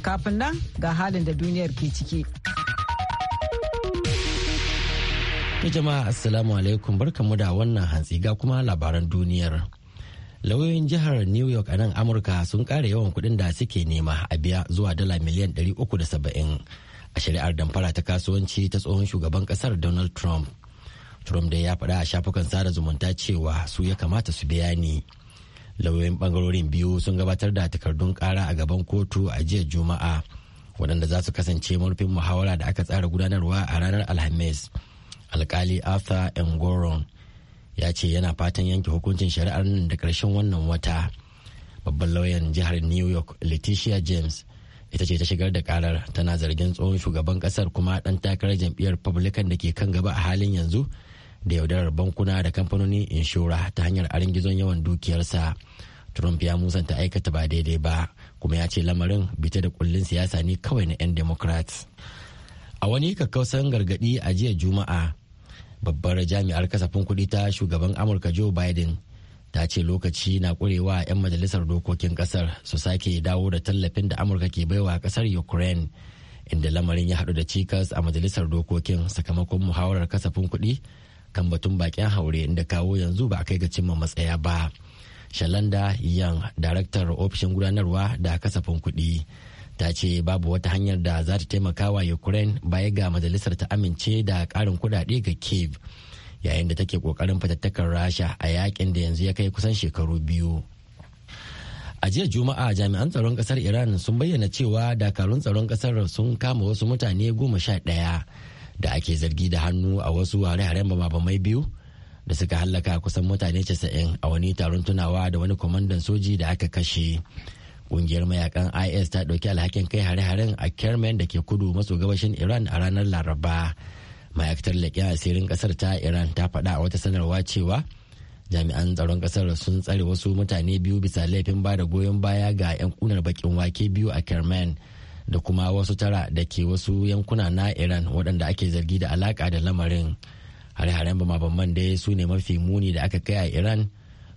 Kafin nan ga halin da duniyar ke ciki. Ta jama'a Assalamu alaikum barkamu da wannan hantsi ga kuma labaran duniyar. Lauyoyin jihar New York a nan Amurka sun kare yawan kuɗin da suke nema a biya zuwa dala miliyan 370 a shari'ar damfara ta kasuwanci ta tsohon shugaban kasar Donald Trump. Trump da ya faɗa a shafukan sada zumunta cewa su ya kamata su biya ni. lauyoyin bangarorin biyu sun gabatar da takardun kara a gaban kotu a jiya juma'a waɗanda za su kasance murfin muhawara da aka tsara gudanarwa a ranar alhamis alkali arthur engoron ya ce yana fatan yanke hukuncin shari'ar nan da ƙarshen wannan wata babban lauyan jihar new york leticia james ita ce ta shigar da karar tana zargin tsohon shugaban kasar kuma ɗan takarar jam'iyyar republican da ke kan gaba a halin yanzu da yaudarar bankuna da kamfanonin inshora ta hanyar arin gizon yawan dukiyarsa trump ya musanta aikata ba daidai ba kuma ya ce lamarin bita da kullun siyasa ne kawai na 'yan democrats a wani kakkausan gargadi a jiya juma'a babbar jami'ar kasafin kuɗi ta shugaban amurka joe biden ta ce lokaci na ƙurewa 'yan majalisar dokokin ƙasar su sake dawo da tallafin da amurka ke baiwa ƙasar ukraine inda lamarin ya haɗu da cikas a majalisar dokokin sakamakon muhawarar kasafin kuɗi kan batun bakin haure da kawo yanzu ba a kai ga cimma matsaya ba shalanda yan daraktar ofishin gudanarwa da kasafin kuɗi ta ce babu wata hanyar da za ta taimaka wa ukraine baya ga majalisar ta amince da karin kuɗaɗe ga kiev yayin da take ƙoƙarin fatattakar rasha a yakin da yanzu ya kai kusan shekaru biyu a jiya juma'a jami'an tsaron kasar iran sun bayyana cewa dakarun tsaron kasar sun kama wasu mutane goma sha ɗaya da ake zargi da hannu a wasu hare-haren bamabamai biyu da suka hallaka kusan mutane 90 a wani taron tunawa da wani kwamandan soji da aka kashe ƙungiyar mayakan is ta ɗauki alhakin kai hare-haren a kermen da ke kudu maso gabashin iran a ranar laraba ma'aikatar leƙen asirin ƙasar ta iran ta faɗa a wata sanarwa cewa jami'an tsaron ƙasar sun tsare wasu mutane biyu bisa laifin ba da goyon baya ga 'yan kunar bakin wake biyu a kermen da kuma wasu tara da ke wasu yankuna na iran waɗanda ake zargi da alaƙa da lamarin hare-haren bama-baman dai su ne mafi muni da aka kai a iran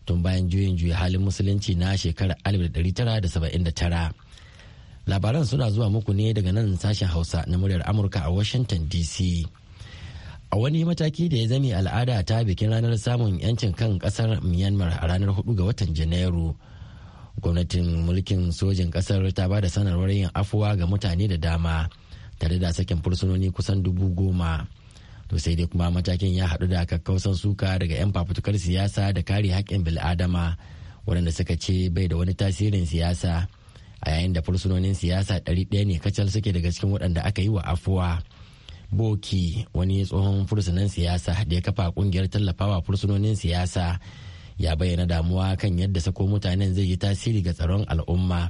tun bayan juyin juya halin musulunci na shekarar 1979 labaran suna zuwa muku ne daga nan sashen hausa na muryar amurka a washington dc a wani mataki da ya zame al'ada ta bikin ranar samun 'yancin kan kasar myanmar a ranar 4 ga watan janairu gwamnatin mulkin sojin kasar ta ba da sanarwar yin afuwa ga mutane da dama tare da sakin fursunoni kusan dubu goma to sai dai kuma matakin ya hadu da kakkausan suka daga 'yan fafutukar siyasa da kare haƙƙin bil'adama waɗanda suka ce bai da wani tasirin siyasa a yayin da fursunonin siyasa ɗari ɗaya ne kacal suke daga cikin waɗanda aka yi wa afuwa boki wani tsohon fursunan siyasa da ya kafa kungiyar tallafawa fursunonin siyasa ya bayyana damuwa kan yadda sako mutanen zai yi tasiri ga tsaron al'umma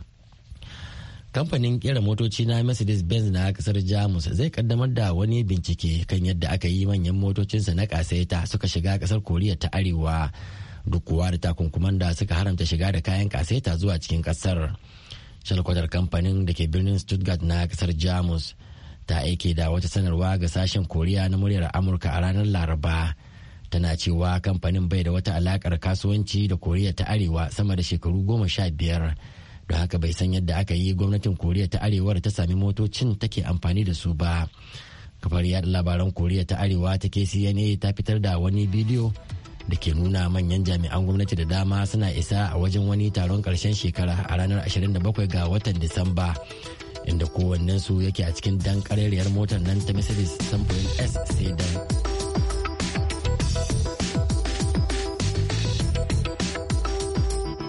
kamfanin kera motoci na mercedes benz na kasar jamus zai kaddamar da wani bincike kan yadda aka yi manyan motocinsa na kasaita suka shiga kasar koriya ta arewa duk kuwa da takunkuman da suka haramta shiga da kayan kasaita zuwa cikin kasar shalkwatar kamfanin da ke birnin stuttgart na kasar jamus ta aike da wata sanarwa ga sashen koriya na muryar amurka a ranar laraba tana cewa kamfanin bai da wata alakar kasuwanci da koriya ta arewa sama da shekaru goma sha biyar don haka bai san yadda aka yi gwamnatin koriya ta arewar ta sami motocin take amfani da su ba kafar yada labaran koriya ta arewa ta kcna ta fitar da wani bidiyo da ke nuna manyan jami'an gwamnati da dama suna isa a wajen wani taron karshen shekara a ranar 27 ga watan disamba inda kowannensu yake a cikin dan motar nan ta mercedes samfurin s sedan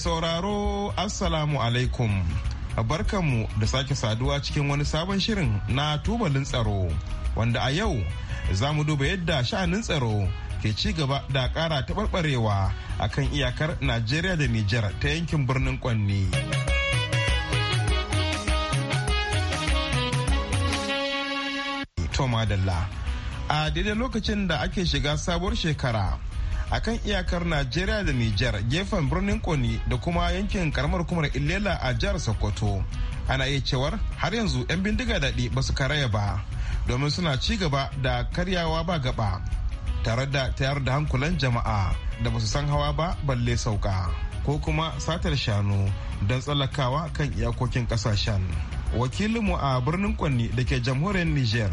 sauraro Assalamu alaikum. Barkanmu da sake saduwa cikin wani sabon shirin na tubalin tsaro wanda a yau za mu duba yadda sha'anin tsaro ke ci gaba da kara taɓarɓarewa a kan iyakar Najeriya da Nijar ta yankin birnin Kwanni. A daidai lokacin da ake shiga sabuwar shekara. a kan iyakar najeriya da nijar gefen birnin koni da kuma yankin karamar kumar ilela a jihar sokoto ana iya cewar har yanzu 'yan bindiga daɗi ba su karaya ba domin suna ci gaba da karyawa ba gaba tare da tayar da hankulan jama'a da ba su san hawa ba balle sauka ko kuma satar shanu don tsallakawa kan iyakokin ƙasashen. wakilinmu a birnin kwanni da ke jamhuriyar niger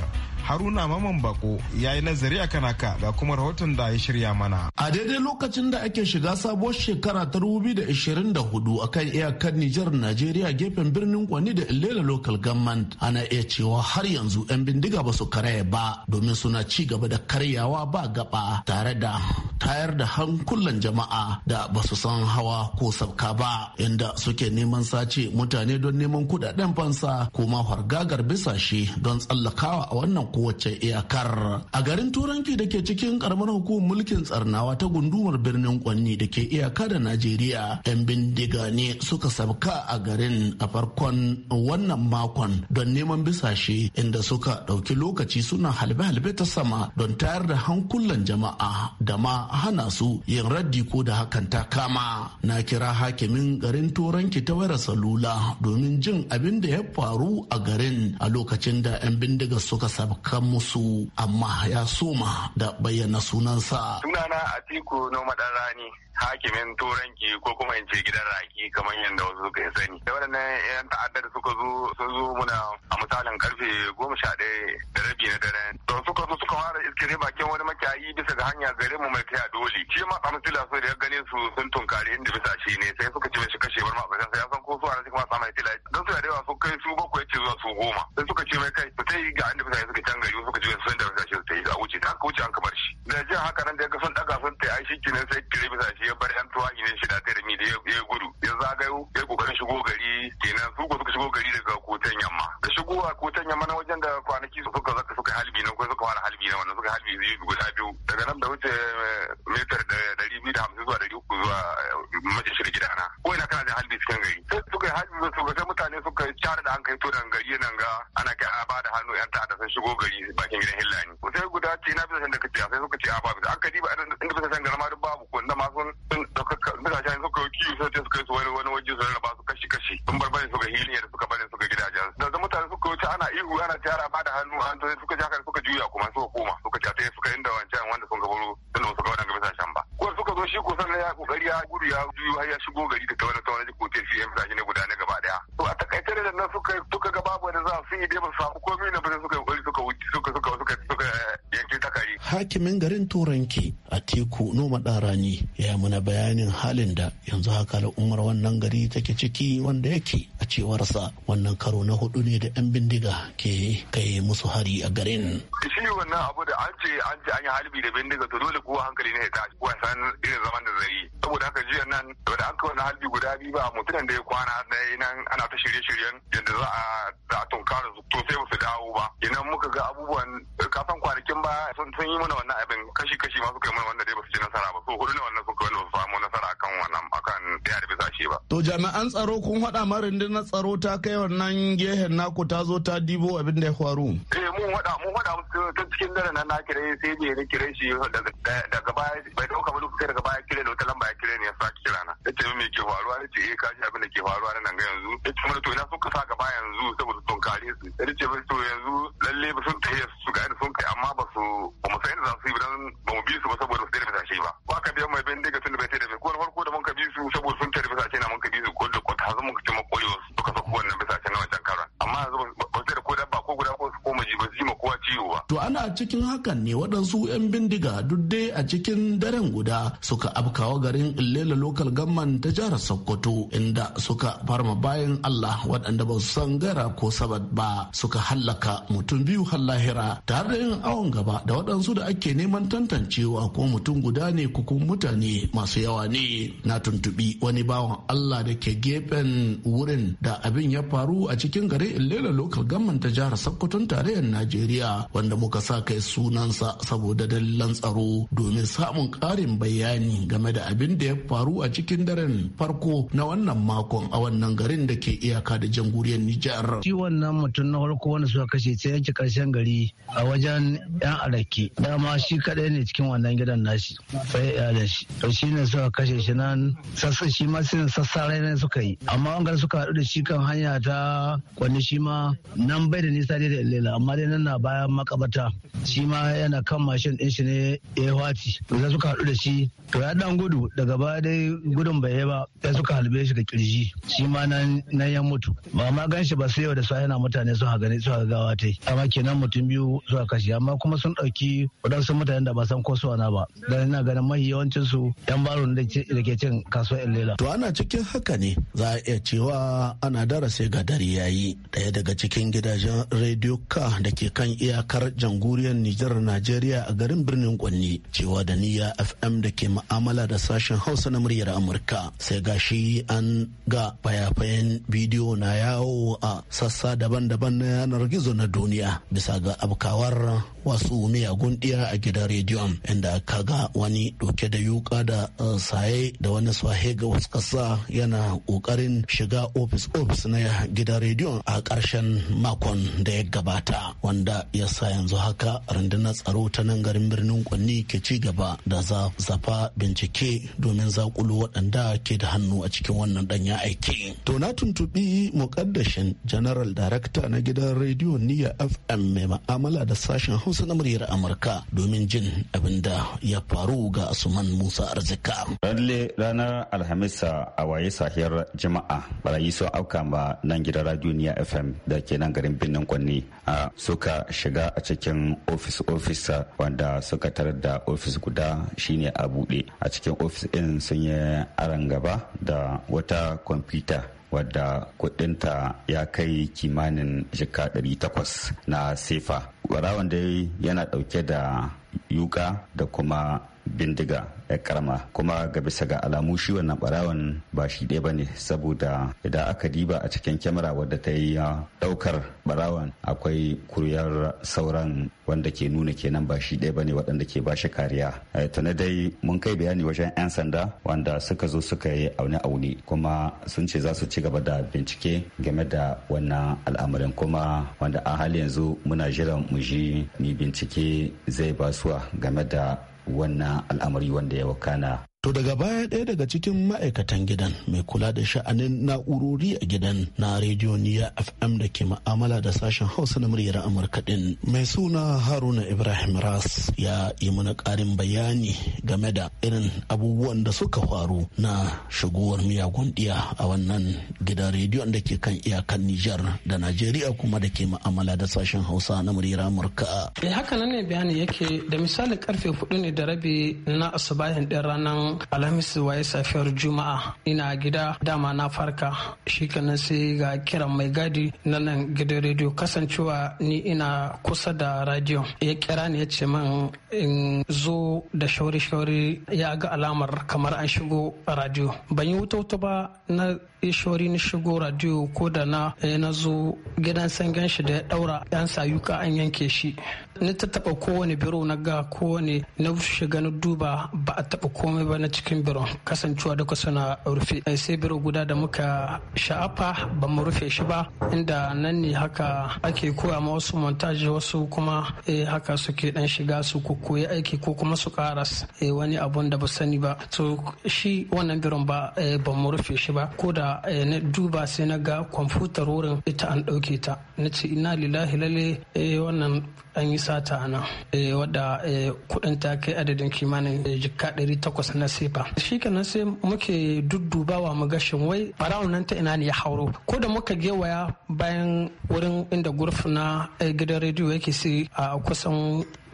haruna maman bako ya yi nazari akan haka ga kuma rahoton da ya shirya mana a daidai lokacin da ake shiga sabuwar shekara ta a kan iyakar nijar najeriya gefen birnin kwani da illela local government ana iya cewa har yanzu 'yan bindiga ba su karaya ba domin suna ci gaba da karyawa ba gaba tare da tayar da hankulan jama'a da ba su san hawa ko sabka ba inda suke neman sace mutane don neman kudaden fansa ko ma hargagar bisashe don tsallakawa a wannan kowace iyakar a garin turanki da ke cikin karamar hukumar mulkin tsarnawa ta gundumar birnin kwanni da ke iyaka da najeriya yan bindiga ne suka sabka a garin a farkon wannan makon don neman bisashe inda suka ɗauki lokaci suna halbe-halbe ta sama don tayar da hankulan jama'a da ma a hana su yin raddi ko da hakan ta kama na kira hakimin garin turanki ta wayar salula domin jin abin da ya faru a garin a lokacin da 'yan bindiga suka sabkan musu amma ya soma da bayyana sunansa sunana atiku na rani, hakimin turanki ko kuma in ce gidan raki kamar yadda wasu suka yi sani da waɗannan yan ta'addar suka zo sun zo muna a misalin karfe goma sha ɗaya da rabi na dare to suka zo yi bisa ga hanya garin mu mai taya dole shi ma samu tila so da ya gane su sun tunkari inda bisa shi ne sai suka ce shi kashe bar ma sai ya san ko su ana cikin samu tila don su da su kai su bakwai ce zuwa su goma sai suka ce mai kai su ta yi ga inda bisa suka can gari suka ce sun da bisa shi su ta yi a wuce ta wuce an kamar shi da jin haka nan da ya ga sun daga sun ta yi shi sai kire bisa shi ya bar yan tuwa ne shi da ta da mi da ya gudu ya zagayo ya kokarin shigo gari kenan su ko suka shigo gari daga kotan yamma da shigowa kotan yamma na wajen da kwanaki suka halbi na ko suka fara halbi na wannan suka halbi zai guda biyu daga nan da wuce eh, metar da dari biyu da hamsin zuwa dari uku zuwa eh, majalisar na ko ina kana da halbi cikin gari sai suka halbi su ga mutane suka cara da an kai to dan gari nan ga ana kai a bada hannu yan ta da san shigo gari bakin gidan hillani sai guda ce na bisa san da kace sai suka ce a babu an ka diba inda bisa san garma duk babu halin da yanzu haka al'ummar wannan gari take ciki wanda yake a cewarsa wannan karo na hudu ne da 'yan bindiga ke kai musu hari a garin. Shi wannan abu da an ce an ce an yi halbi da bindiga to dole kowa hankali ne ya tashi kowa san irin zaman da zai yi. Saboda haka jiya nan da an kai wani halbi guda biyu ba mutumin da ya kwana na nan ana ta shirye-shiryen yadda za a za a tunkara to sai su dawo ba. Inan muka ga abubuwan kafin kwanakin ba sun yi mana wannan abin kashi-kashi ma suka yi mana wanda dai ba su ci nasara ba. So hudu ne wannan suka wanda ba su samu To jami'an tsaro kun haɗa ma rundunar tsaro ta kai wannan gehen naku ta zo ta dibo abin da ya faru. Eh mun haɗa mun haɗa ta cikin dare na na kire sai je ni kire shi daga baya bai dauka ba sai daga baya kire da wata lamba ya kire ne ya sa kira na. Ita ce me ke faruwa ne ce eh ka ji abin da ke faruwa nan ga yanzu. Ita mun to ina so ka sa gaba yanzu saboda sun kare su. Ita ce to yanzu lalle ba sun tafi su ga sun kai amma ba su ba mu san yadda za su yi ba dan ba mu bi su ba saboda su da ba. Ba ka biyan mai bindiga tun da bai tare da ko na farko da mun ka bi su saboda sun tafi tare da na mun muka taimako yau suka sako wannan bisa na wancan karan amma yanzu daji ba ji kowa ciwo ba. To ana cikin hakan ne waɗansu 'yan bindiga duk dai a cikin daren guda suka afkawa garin Illela lokal gamman ta jihar Sokoto inda suka farma bayan Allah waɗanda ba su san gara ko sabat ba suka hallaka mutum biyu hallahira tare da yin awon gaba da waɗansu da ake neman tantancewa ko mutum guda ne ko mutane masu yawa ne na tuntubi wani bawan Allah da ke gefen wurin da abin ya faru a cikin garin Illela lokal gamman ta jihar Sokoton tare tarayyar Najeriya wanda muka sa kai sunansa saboda dalilan tsaro domin samun karin bayani game da abin da ya faru a cikin daren farko na wannan makon a wannan garin da ke iyaka da jamhuriyar Nijar. Shi wannan mutum na farko wanda suka kashe sai yanki karshen gari a wajen 'yan alake dama shi kaɗai ne cikin wannan gidan nashi sai iyalin shi to shi ne suka kashe shi nan sassa shi ma sai sassarai ne suka yi amma wangar suka haɗu da shi kan hanya ta kwanne shi ma nan bai da nisa da lela amma dai nan na bayan makabarta shi ma yana kan mashin din shi ne ya yi wati da suka haɗu da shi to ya dan gudu daga baya dai gudun bai yi ba ya suka halbe shi ga kirji shi ma nan ya mutu ba ma gan shi ba sai yau da sa yana mutane su gani su gawa ta amma kenan mutum biyu suka kashe amma kuma sun ɗauki waɗansu mutanen da ba san ko su ba dan ina ganin mahi yawancin su yan baron da ke cin kasuwar lela. to ana cikin haka ne za a iya cewa ana darasi ga dare yayi ɗaya daga cikin gidajen rediyo ka da ke kan iyakar jamhuriyar Nijar Najeriya a garin birnin Kwanni cewa da niyya FM da ke ma'amala da sashen Hausa na muryar Amurka sai gashi an ga fayafayen bidiyo na yawo a sassa daban-daban na yanar gizo na duniya bisa ga abkawar wasu miyagun ɗiya a gidan rediyon inda ka ga wani ɗauke da yuka da uh, saye da wani swahe ga wasu ƙasa yana ƙoƙarin shiga ofis ofis na gidan rediyon a ƙarshen makon da ya gabata wanda ya sa yanzu haka rundunar tsaro ta nan garin birnin kwanni ke ci gaba da zafa bincike domin zakulu waɗanda ke da hannu a cikin wannan ya aiki. To na tuntuɓi muƙaddashin general director na gidan rediyo niyya fm mai ma'amala da sashen hausa sa na muryar Amurka domin jin abin da ya faru ga Asuman Musa Arzika. Lalle ranar Alhamisa a waye sahiyar jama'a barayi sun auka ma nan gidan Raduniya FM da ke nan garin Birnin Kwanni suka shiga a cikin ofis ofis wanda suka tarar da ofis guda shine a buɗe a cikin ofis ɗin sun yi aran gaba da wata kwamfuta wadda kudinta ya kai kimanin jika 800 na sefa barawan dai yana dauke da yuka da kuma bindiga ya karama kuma ga bisa ga alamu shi wannan barawan ba shi ɗaya ba ne saboda idan aka diba a cikin kyamara wadda ta yi ɗaukar barawan akwai kuryar sauran wanda ke nuna kenan ba shi ɗaya ba ne waɗanda ke ba shi kariya eh, tana dai mun kai bayani wajen 'yan sanda wanda suka zo suka yi aune-aune kuma sun ce za su ci gaba da bincike game da wannan al'amarin kuma wanda a hali yanzu muna jiran mu ji ni bincike zai basuwa game da wannan al'amari wanda ya wakana to daga baya ɗaya daga cikin ma'aikatan gidan mai kula da sha'anin na'urori a gidan na rediyo niya fm da ke ma'amala da sashen hausa na muryar amurka ɗin mai suna haruna ibrahim ras ya yi mana ƙarin bayani game da irin abubuwan da suka faru na shigowar miyagun ɗiya a wannan gidan rediyon da ke kan iyakan nijar da najeriya kuma da ke ma'amala da sashen hausa na muryar amurka. Eh, haka nan ne bayani yake da misali karfe hudu ne da rabi na asubahin ɗin ranar alhamis waye safiyar juma'a ina gida dama na farka shikenan sai ga kiran mai gadi na nan gidan rediyo kasancewa ni ina kusa da radio ya kira ni ya ce man in zo da shauri-shauri ya ga alamar kamar an shigo radio ban yi wuta-wuta ba na shauri na shigo radio ko da na eh, na zo gidan sangan shi da ya daura yan sayuka an yanke shi ni ta taba kowane biro na ga kowane na shiga na duba ba a taba komai ba na cikin biro kasancewa duka suna rufe sai biro guda da muka sha'afa ba mu rufe shi ba inda nan ne haka ake koya ma wasu montaji wasu kuma eh, haka suke dan shiga su koyi aiki ko kuma su karas eh, wani abun da ba sani ba to shi wannan biron ba eh, ba mu rufe shi ba ko da na duba sai na ga kwamfutar wurin ita an ɗauke ta na ce ina lillahi lalle wannan an yi sata ana wadda kuɗin ta kai adadin kimanin jikka 800 na na sefa shi kenan sai muke duddubawa mu gashin wai barawon nan ta ina ne ya hauro ko da muka gewaya bayan wurin inda gurf na eh, gidan rediyo yake sai a ah, kusan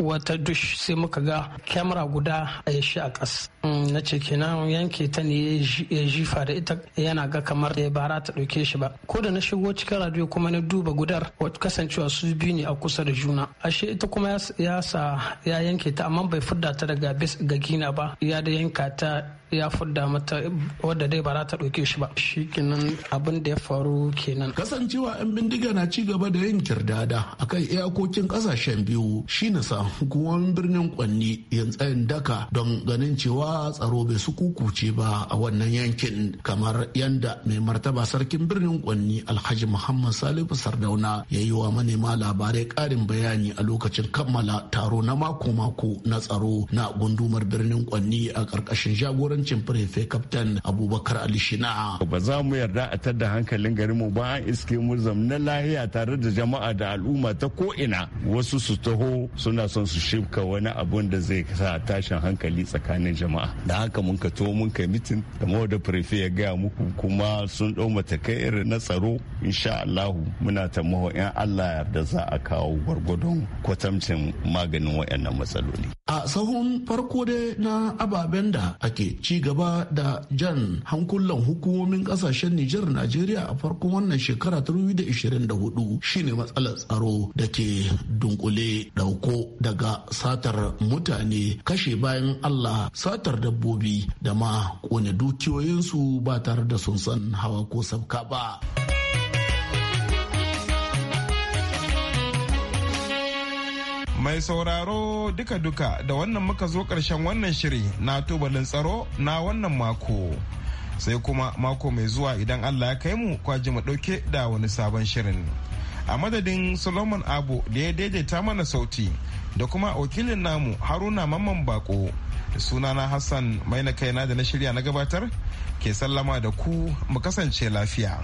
wata dush sai muka ga kyamara guda a shi a ƙas mm, na ce kenan yanke ta ne ya jifa da ita yana ga kamar ya bara ta ɗauke shi ba ko da na shigo cikin radio kuma na duba gudar kasancewa su biyu ne a kusa da juna ashe ita kuma ya sa ya yanke ta amma bai fudda ta daga bis ga gina ba ya da yanka ta ya fudda mata wadda dai ba za ta ɗauke shi ba shi kenan abin da ya faru kenan kasancewa yan bindiga na ci gaba da yin kirdada akan iyakokin ƙasashen biyu shi na sa hukumomin birnin kwanni yan tsayin daka don ganin cewa tsaro bai su kukuce ba a wannan yankin kamar yanda mai martaba sarkin birnin kwanni alhaji muhammad salihu sardauna ya yi wa manema labarai ƙarin bayani a lokacin kammala taro na mako-mako na tsaro na gundumar birnin kwanni a ƙarƙashin jagoran shugabancin prefe kaftan abubakar alishina ba za mu yarda a tar da hankalin garinmu ba an iske mu na lahiya tare da jama'a da al'umma ta ko'ina wasu su taho suna son su shifka wani abun da zai sa tashin hankali tsakanin jama'a da haka mun ka to mun kai mitin kamar da prefe ya gaya muku kuma sun ɗau matakai irin na tsaro insha Allahu muna ta maho 'yan Allah da za a kawo gwargwadon kwatamcin maganin waɗannan matsaloli a sahun farko dai na ababen da ake ci gaba da jan hankulan hukumomin kasashen Nijar Najeriya a farkon wannan shekara ta 2024 shine matsalar tsaro da ke dunkule dauko daga satar mutane kashe bayan Allah satar dabbobi da ma kone dukiyoyinsu ba tare da sun san hawa ko sabka ba. Mai sauraro duka-duka da wannan muka zo karshen wannan shiri na tubalin tsaro na wannan mako. Sai kuma mako mai zuwa idan Allah ya kai mu kwaji mu ɗauke da wani sabon shirin. A madadin Solomon Abu da ya daidaita mana sauti da kuma wakilin namu Haruna Mamman Bako. Sunana Hassan mai na kaina da na shirya na gabatar ke sallama da ku mu kasance lafiya.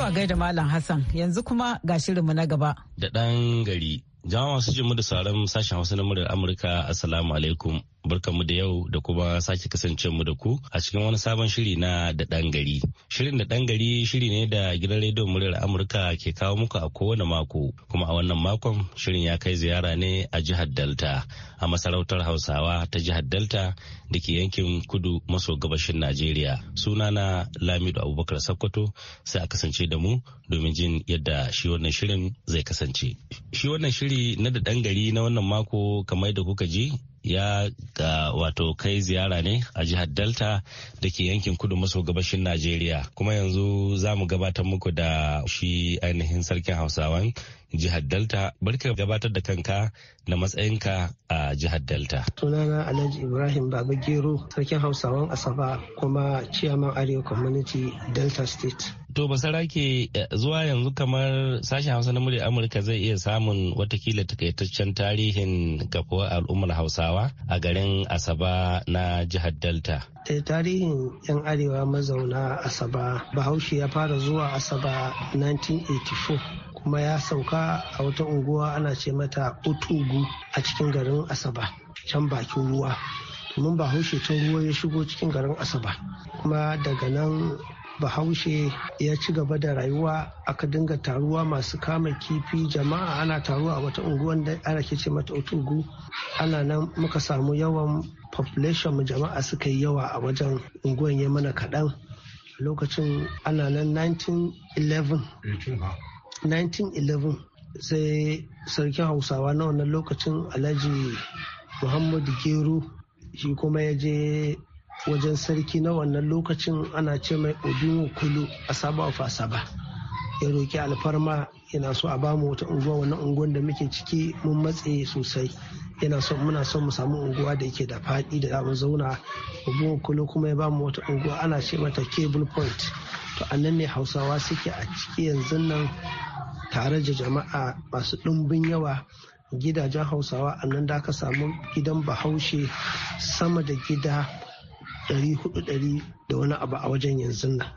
To a gaida Malam Hassan yanzu kuma ga shirinmu na gaba. Da ɗan gari. Jama'a masu jimu da sauran sashen Hausa na muryar Amurka Assalamu alaikum. mu da yau da kuma sake mu da ku a cikin wani sabon shiri na da ɗan gari. Shirin da ɗan gari shiri ne da gidan rediyon muryar Amurka ke kawo muku a kowane mako kuma a wannan makon shirin ya kai ziyara ne a jihar Delta a masarautar Hausawa ta jihar Delta da ke yankin kudu maso gabashin Najeriya. suna na Lamidu Abubakar Sakkwato sai a kasance da mu domin jin yadda shi wannan shirin zai kasance. Shi wannan shiri na da ɗan gari na wannan mako kamar da kuka ji ya ga wato kai ziyara ne a jihar delta da ke yankin kudu maso gabashin najeriya kuma yanzu za mu gabatar muku da shi ainihin sarkin hausawan jihar Delta barka gabatar da kanka na matsayinka a jihar Delta. Sunana Alhaji Ibrahim Baba Gero sarkin Hausawan Asaba kuma Chairman Arewa Community Delta State. To basarake eh, zuwa yanzu kamar sashen Hausa na muryar Amurka zai iya samun watakila takaitaccen tarihin kafuwar al'ummar Hausawa a garin Asaba na jihar Delta. Eh, tarihin 'yan Arewa mazauna Asaba Bahaushe ya fara zuwa Asaba 1984 kuma ya sauka a wata unguwa ana ce mata utugu a cikin garin asaba can bakin ruwa domin bahaushe ta ruwa ya shigo cikin garin asaba kuma daga nan bahaushe ya ci gaba da rayuwa aka dinga taruwa masu kama kifi jama'a ana taruwa a wata unguwan da ana ke ce mata utugu ana nan muka samu yawan population mu jama'a suka yi yawa a wajen unguwan ya mana kaɗan lokacin ana nan 1911 1911 sai sarkin hausawa na wannan lokacin alhaji muhammadu gero shi kuma ya je wajen sarki na wannan lokacin ana ce mai odinwo kulu a saba asaba ya roki alfarma yana so a bamu wata unguwa wannan unguwan da muke ciki mun matse sosai yana so muna son mu samu unguwa da yake da faɗi da mu zauna odinwo kulu kuma ya bamu wata unguwa ana ce mata cable point to annan ne hausawa suke a ciki yanzu nan tare da jama'a masu ɗumbin yawa gidajen hausawa a nan da aka samu gidan bahaushe sama da gida 400 da wani abu a wajen yanzu nan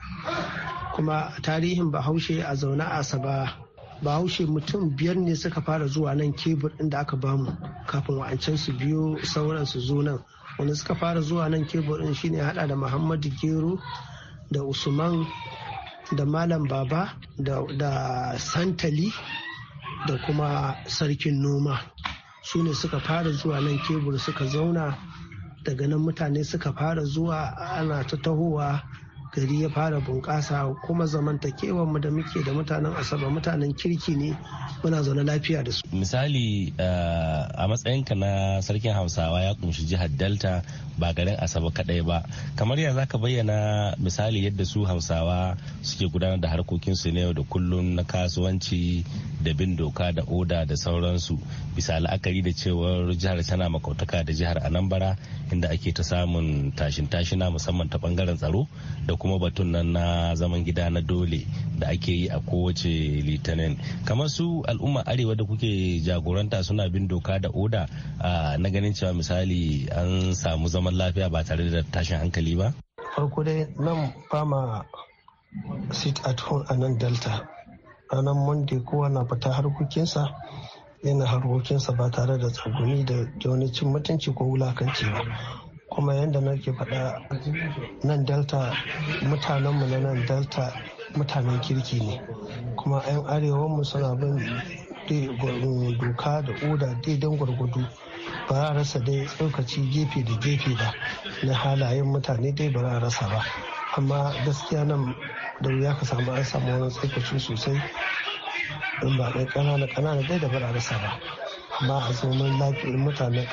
kuma tarihin bahaushe a zaune a saba bahaushe mutum biyar ne suka fara zuwa nan kebur da aka bamu kafin wa'ancan su biyo sauran su zo nan wanda suka fara zuwa nan kebur din shine hada da muhammadu gero da usman da malam baba da, santali da kuma sarkin noma su ne suka fara zuwa nan kebur suka zauna daga nan mutane suka fara zuwa ana ta tahowa gari ya fara bunƙasa kuma zamantakewar mu da muke da mutanen asaba mutanen kirki ne muna zaune lafiya da su misali eh, a matsayinka na sarkin hausawa ya kunshi jihar delta ba garin asaba kadai ba kamar yanzu zaka bayyana misali yadda su hausawa suke gudanar da harkokinsu ne yau da kullum na kasuwanci da bin doka da oda da sauransu bisa la'akari da cewar jihar tana makautaka da jihar anambra inda ake ta samun tashin tashina musamman ta bangaren tsaro da kuma batun nan na zaman gida na dole da ake yi a kowace litinin kamar su al'umma arewa da kuke jagoranta suna bin doka da oda na ganin cewa misali an samu zaman lafiya ba tare da tashin hankali ba farko dai nan fama sit at home a nan delta ranar monday kowa na fita harkokinsa yana harkokinsa ba tare da tsaguni da jaunacin mutunci ko wulakanci ba kuma yadda nake faɗa nan delta mutanenmu na nan delta mutanen kirki ne kuma 'yan arewanmu suna bin doka da oda daidan gwargwado ba a rasa dai tsokaci gefe da gefe da na halayen mutane dai ba a rasa ba amma gaskiya nan da wuya ka samu an samu wani tsokaci sosai in ba ɗan ƙanana ƙanana dai da ba a rasa ba ba a zaman lafiyar mutanen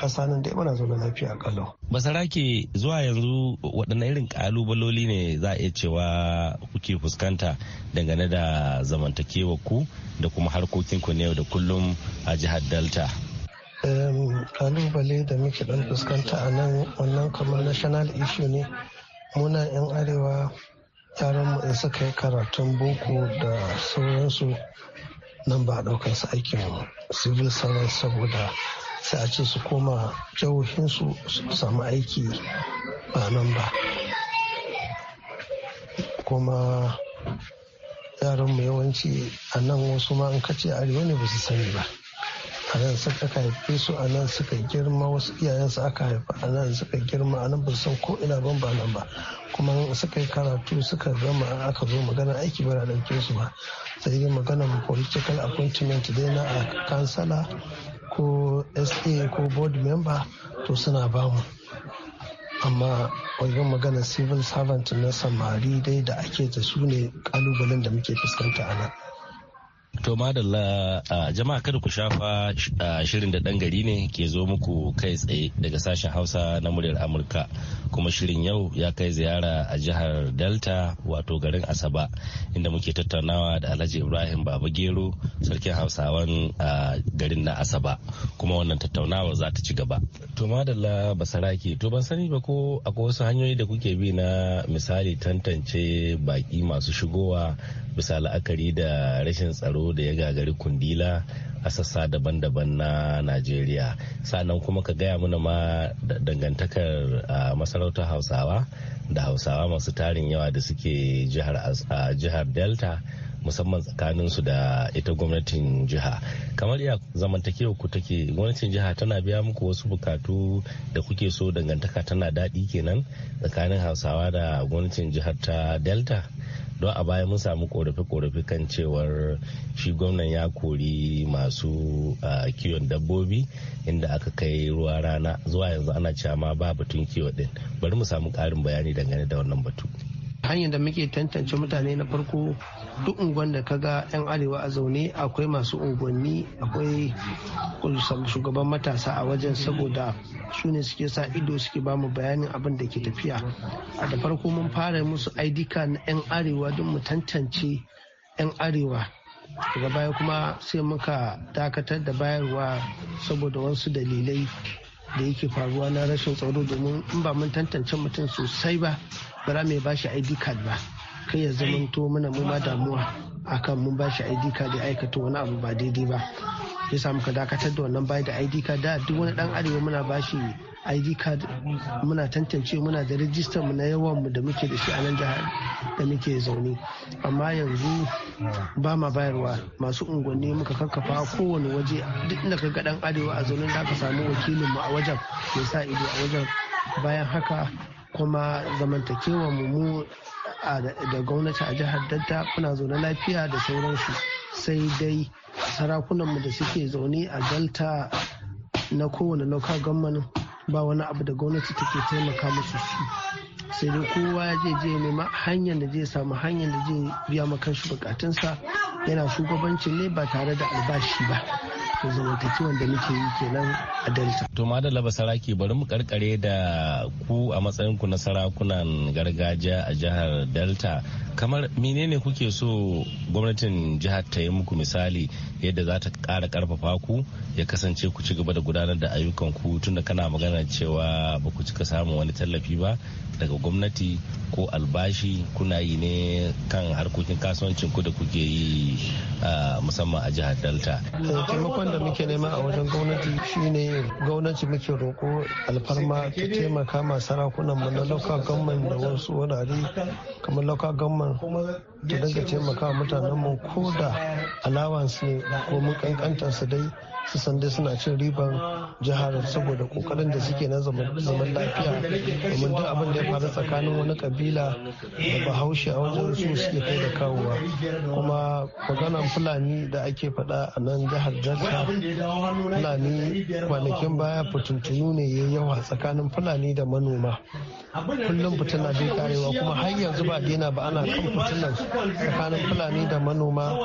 ƙasa nan da muna zaune lafiya kalau. basarake zuwa yanzu waɗanne irin ƙalubaloli ne za a iya cewa kuke fuskanta dangane da zamantakewa ku da kuma harkokin ku da kullum a jihar delta kalubale da muke ɗan fuskanta a nan wannan kamar national issue ne muna yan arewa yaran mu in suka yi karatun boko da sauransu nan ba a ɗaukar su aikin civil service saboda sai a ce su koma jihohinsu su samu aiki ba nan ba kuma yaranmu yawanci a nan wasu ma an kace arewa ne ba su sani ba a nan suka haife su a nan suka girma wasu iyayensu aka haifa a nan suka girma a nan ba san ko ina ban ba nan ba kuma suka yi karatu suka gama aka zo magana aiki ba na ɗauke su ba sai dai maganar political appointment dai na a kansala ko sa ko board member to suna bamu amma wajen maganar civil servant na samari dai da ake da su ne kalubalen da muke fuskanta a nan To madalla jama'a kada ku shafa shirin da ɗan gari ne ke zo muku kai tsaye daga sashen Hausa na muryar Amurka kuma shirin yau ya kai ziyara a jihar Delta wato garin Asaba inda muke tattaunawa da Alhaji Ibrahim Baba Gero sarkin Hausawan garin na Asaba kuma wannan tattaunawa za ta ci gaba. To madalla basarake to ban sani ba ko akwai wasu hanyoyi da kuke bi na misali tantance baki masu shigowa bisa la'akari da rashin tsaro da ya gagari kundila a sassa daban-daban na najeriya sannan kuma ka gaya mana ma dangantakar masarautar hausawa da hausawa masu tarin yawa da suke jihar delta musamman tsakanin su da ita gwamnatin jiha kamar ya zamantakewa ku take gwamnatin jiha tana biya muku wasu bukatu da kuke so dangantaka tana daɗi kenan tsakanin hausawa da gwamnatin jihar ta delta don a baya mun samu korafe-korafe kan cewar shi gwamnan ya kori masu kiwon dabbobi inda aka kai ruwa rana zuwa yanzu ana cewa ma ba batun kiwo din bari mu samu karin bayani dangane da wannan batu hanyar da muke tantance mutane na farko duk unguwan da ka ga 'yan arewa a zaune akwai masu unguwanni akwai shugaban matasa a wajen saboda su ne suke sa ido suke bamu bayanin abin da ke tafiya a da farko mun fara musu id card na 'yan arewa don mu tantance 'yan arewa daga baya kuma sai muka dakatar da bayarwa saboda wasu dalilai da yake faruwa na rashin tsaro domin in ba mun tantance mutum sosai ba bara mai bashi id card ba kai ya zamanto mana mu ma damuwa akan mun bashi id card ya aikata wani abu ba daidai ba ya samu ka dakatar da wannan bai da id card da duk wani dan arewa muna bashi id card muna tantance muna da rijistar mu na yawan mu da muke da shi a nan jihar da muke zaune amma yanzu ba ma bayarwa masu unguwanni muka kakkafa kowane waje duk inda ka ga dan arewa a zaune da ka samu wakilin mu a wajen ya sa ido a wajen bayan haka kuma zamantakewa mu da gwamnati a jihar dadda kuna zaune lafiya da sauransu sai dai sarakunanmu da suke zaune a delta na kowane local government ba wani abu da gwamnati take taimaka musu sai dai kowa ya je je nema hanyar da zai samu hanyar da zai biya makan shi bukatunsa yana shugabancin ne ba tare da albashi ba to zamantakewan da muke yi kenan a delta to madalla saraki bari mu karkare da ku a matsayin ku na sarakunan gargajiya a jihar delta kamar menene kuke so gwamnatin jihar ta yi muku misali yadda za ta kara karfafa ku ya kasance ku ci gaba da gudanar da ayyukan ku tunda kana magana cewa ba ku cika samun wani tallafi ba daga gwamnati ko albashi kuna yi ne kan harkokin kasuwancin ku da kuke yi musamman a jihar delta taimakon da muke nema a wajen gwamnati shine gwamnati muke roƙo alfarma ta taimaka ma sarakunan mu na local government da wasu wurare kamar local government ta dinga taimaka mutanen mu ko da allowance ne ko mun kankantar su dai su san dai suna cin riban jihar saboda kokarin da suke na zaman lafiya domin duk abin da ya faru tsakanin wani kabila da bahaushe a wajen su suke kai da kawowa kuma maganan fulani da ake faɗa a nan jihar delta fulani kwanakin baya fitintunu ne ya yawa tsakanin fulani da manoma kullum fitina zai karewa kuma har yanzu ba daina ba ana kan fitina tsakanin fulani da manoma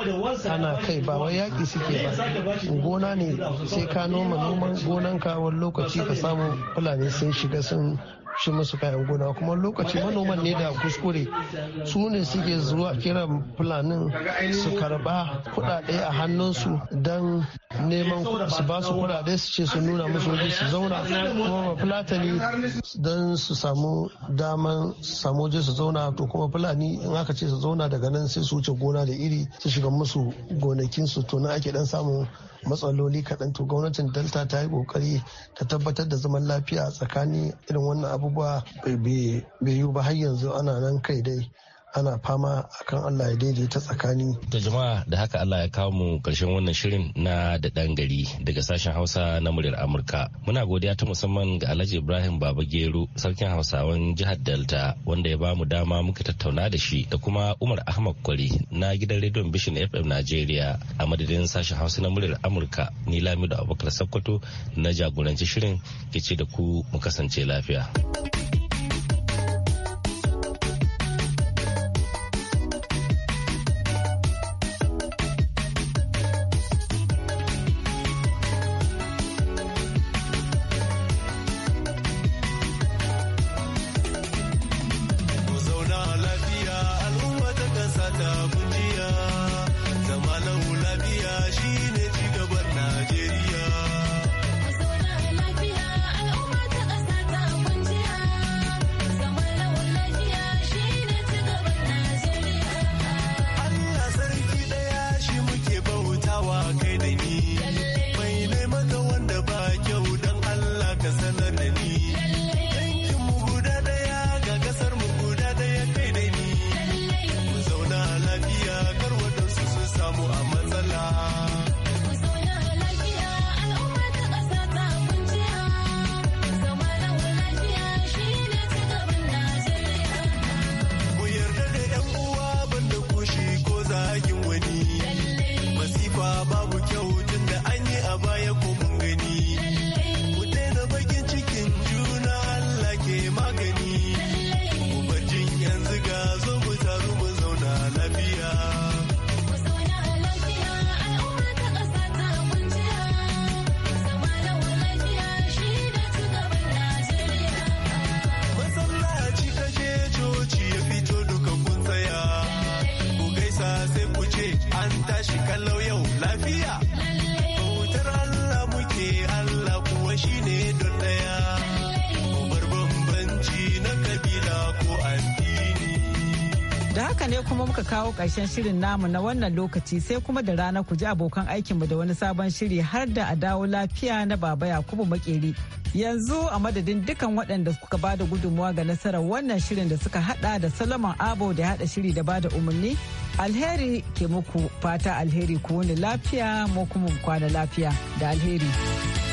ana kai ba wai yaƙi suke ba gona ne sai ka noma noman gonan ka wani lokaci ka samu fulani sun shiga sun ci musu kayan gona kuma lokaci manoman ne da kuskure su ne suke zuwa kiran fulanin su karba kudade a hannunsu don neman su ba su kudade su ce su nuna musu waje su zauna kuma fulatani don su samu daman samu waje su zauna to kuma fulani in aka ce su zauna daga nan sai su wuce gona da iri su shiga musu gonakinsu to na ake dan samun matsaloli kaɗan to gwamnatin delta ta yi kokari ta tabbatar da zaman lafiya tsakanin irin wannan abubuwa bai yiwu ba har yanzu ana nan kai dai ana fama kan Allah ya daidaita tsakani. Da jama'a da haka Allah ya kawo mu karshen wannan shirin na da ɗan gari daga sashen Hausa na muryar Amurka. Muna godiya ta musamman ga Alhaji Ibrahim Baba Gero sarkin Hausawan jihar Delta wanda ya ba mu dama muka tattauna da shi da kuma Umar Ahmad Kwari na gidan rediyon Bishin FM Najeriya a madadin sashen Hausa na muryar Amurka ni Lamido Abubakar Sakkwato na jagoranci shirin ke ce da ku mu kasance lafiya. kawo karshen shirin namu na wannan lokaci sai kuma da rana ku ji abokan aikinmu da wani sabon shiri har da a dawo lafiya na baba Yakubu Makeri. Yanzu a madadin dukan waɗanda suka bada gudunmuwa ga nasarar wannan shirin da suka hada da Solomon Abo da hada shiri da bada umarni. Alheri ke muku fata alheri ku wani lafiya mu kuma kwana lafiya da alheri.